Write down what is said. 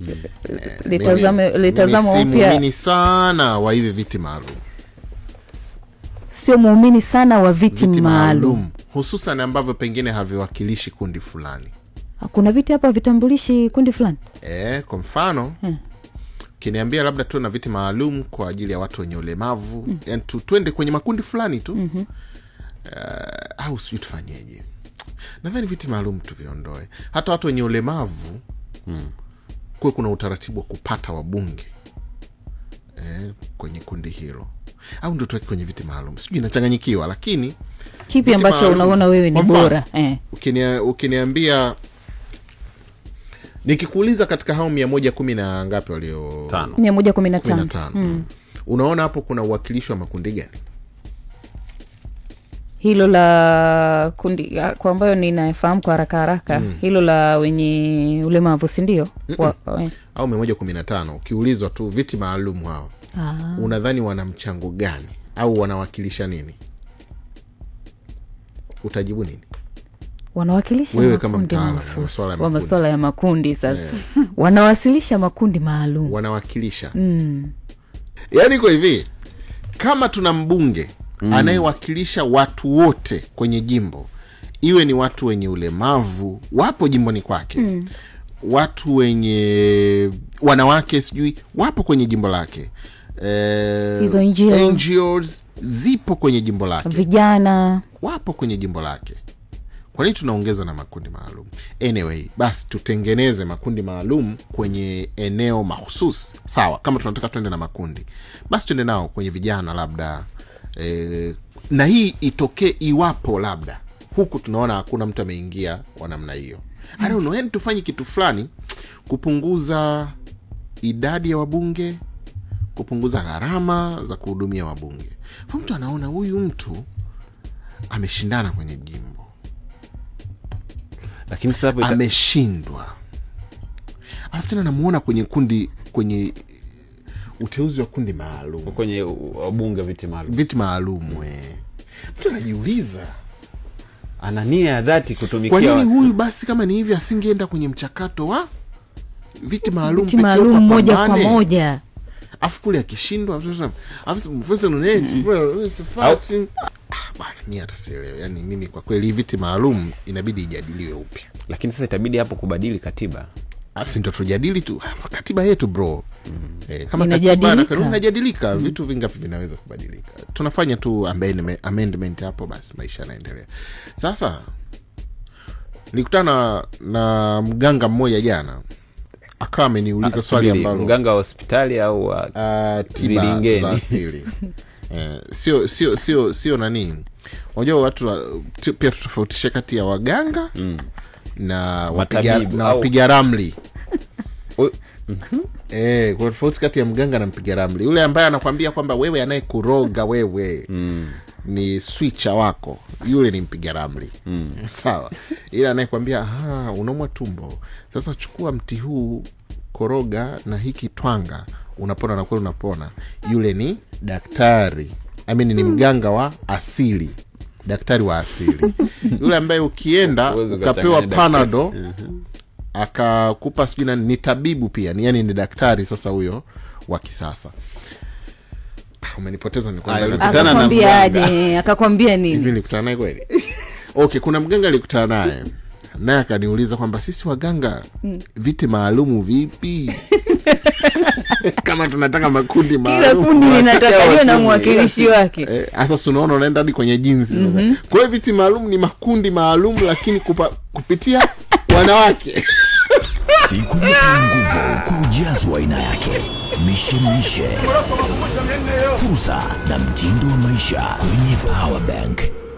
Eh, litazamo upya. Muumini sana wa hivi viti maalum, sio muumini sana wa viti, viti maalum, hususan ambavyo pengine haviwakilishi kundi fulani. Kuna viti hapa vitambulishi kundi fulani e, kwa mfano hmm. Eh. Kiniambia labda tuwe na viti maalum kwa ajili ya watu wenye ulemavu mm. Yani twende kwenye makundi fulani tu mm -hmm. Uh, au sijui tufanyeje? Nadhani viti maalum tuviondoe, hata watu wenye ulemavu mm kuwe kuna utaratibu wa kupata wabunge eh, kwenye kundi hilo au ndio tuweke kwenye viti maalum, sijui inachanganyikiwa, lakini kipi ambacho unaona wewe ni bora eh? Ukinia, ukiniambia nikikuuliza katika hao mia moja kumi na ngapi walio mia moja kumi na tano mm. unaona hapo kuna uwakilishi wa makundi gani? hilo la kundi kwa ambayo ninafahamu kwa haraka haraka mm. hilo la wenye ulemavu sindio? au mia moja kumi na tano ukiulizwa tu viti maalum hawa ah. unadhani wana mchango gani au wanawakilisha nini? Utajibu nini? wanawakilisha kama wa ya makundi sasa yeah. wanawasilisha makundi maalum wanawakilisha mm. yaani iko hivi kama tuna mbunge mm. anayewakilisha watu wote kwenye jimbo, iwe ni watu wenye ulemavu wapo jimboni kwake mm. watu wenye wanawake sijui wapo kwenye jimbo lake eh, zipo kwenye jimbo lake, vijana wapo kwenye jimbo lake. Kwa nini tunaongeza na makundi maalum? Anyway, basi tutengeneze makundi maalum kwenye eneo mahususi. Sawa, kama tunataka tuende na makundi, basi tuende nao kwenye vijana, labda e, na hii itokee iwapo labda huku tunaona hakuna mtu ameingia wa namna hiyo mm. I yaani tufanye kitu fulani kupunguza idadi ya wabunge, kupunguza gharama za kuhudumia wabunge. Kwa mtu anaona huyu mtu ameshindana kwenye jimbo, lakini ameshindwa, alafu tena namuona kwenye kundi kwenye uteuzi wa kundi maalum kwenye wabunge, viti maalum, viti maalum mm. Mtu anajiuliza ana nia ya dhati kutumikia. Kwa nini huyu basi, kama ni hivi, asingeenda kwenye mchakato wa viti maalum moja kwa moja, afu kule akishindwa mi atasielewe. Yani mimi kwa kweli viti maalum inabidi ijadiliwe upya, lakini sasa itabidi hapo kubadili katiba, asi ah, ndo tujadili tu ah, katiba yetu bro. mm eh, kama inajadilika, mm. vitu vingapi vinaweza kubadilika? Tunafanya tu amendment, hapo basi maisha yanaendelea. Sasa nilikutana na mganga mmoja jana akawa ameniuliza ah, swali ambalo mganga wa hospitali au uh, tiba eh, sio sio sio sio nani, unajua watu pia tutofautishe kati ya waganga mm. na wapiga ramli mm-hmm. E, eh, tofauti kati ya mganga na mpiga ramli, yule ambaye anakwambia kwamba wewe anayekuroga wewe mm. ni swicha wako, yule ni mpiga ramli mm. sawa, ila anayekwambia unaumwa tumbo, sasa chukua mti huu koroga na hiki twanga, unapona na kweli unapona, yule ni daktari I mean, ni hmm. mganga wa asili daktari wa asili yule ambaye ukienda ukapewa panado uh-huh akakupa sijui ni tabibu pia ni, yani ni daktari sasa huyo wa kisasa ah, umenipoteza akakwambia nini nilikutana naye kweli ok kuna mganga alikutana naye naye akaniuliza kwamba sisi waganga mm. viti maalumu vipi kama tunataka makundi kila linatakaliwa na mwakilishi wake sasa eh, unaona unaenda hadi kwenye jinsi mm-hmm. kwa hiyo viti maalum ni makundi maalum lakini kupa, kupitia wanawake Siku yenye nguvu kujazwa aina yake, mishemishe, fursa na mtindo wa maisha kwenye Powerbank.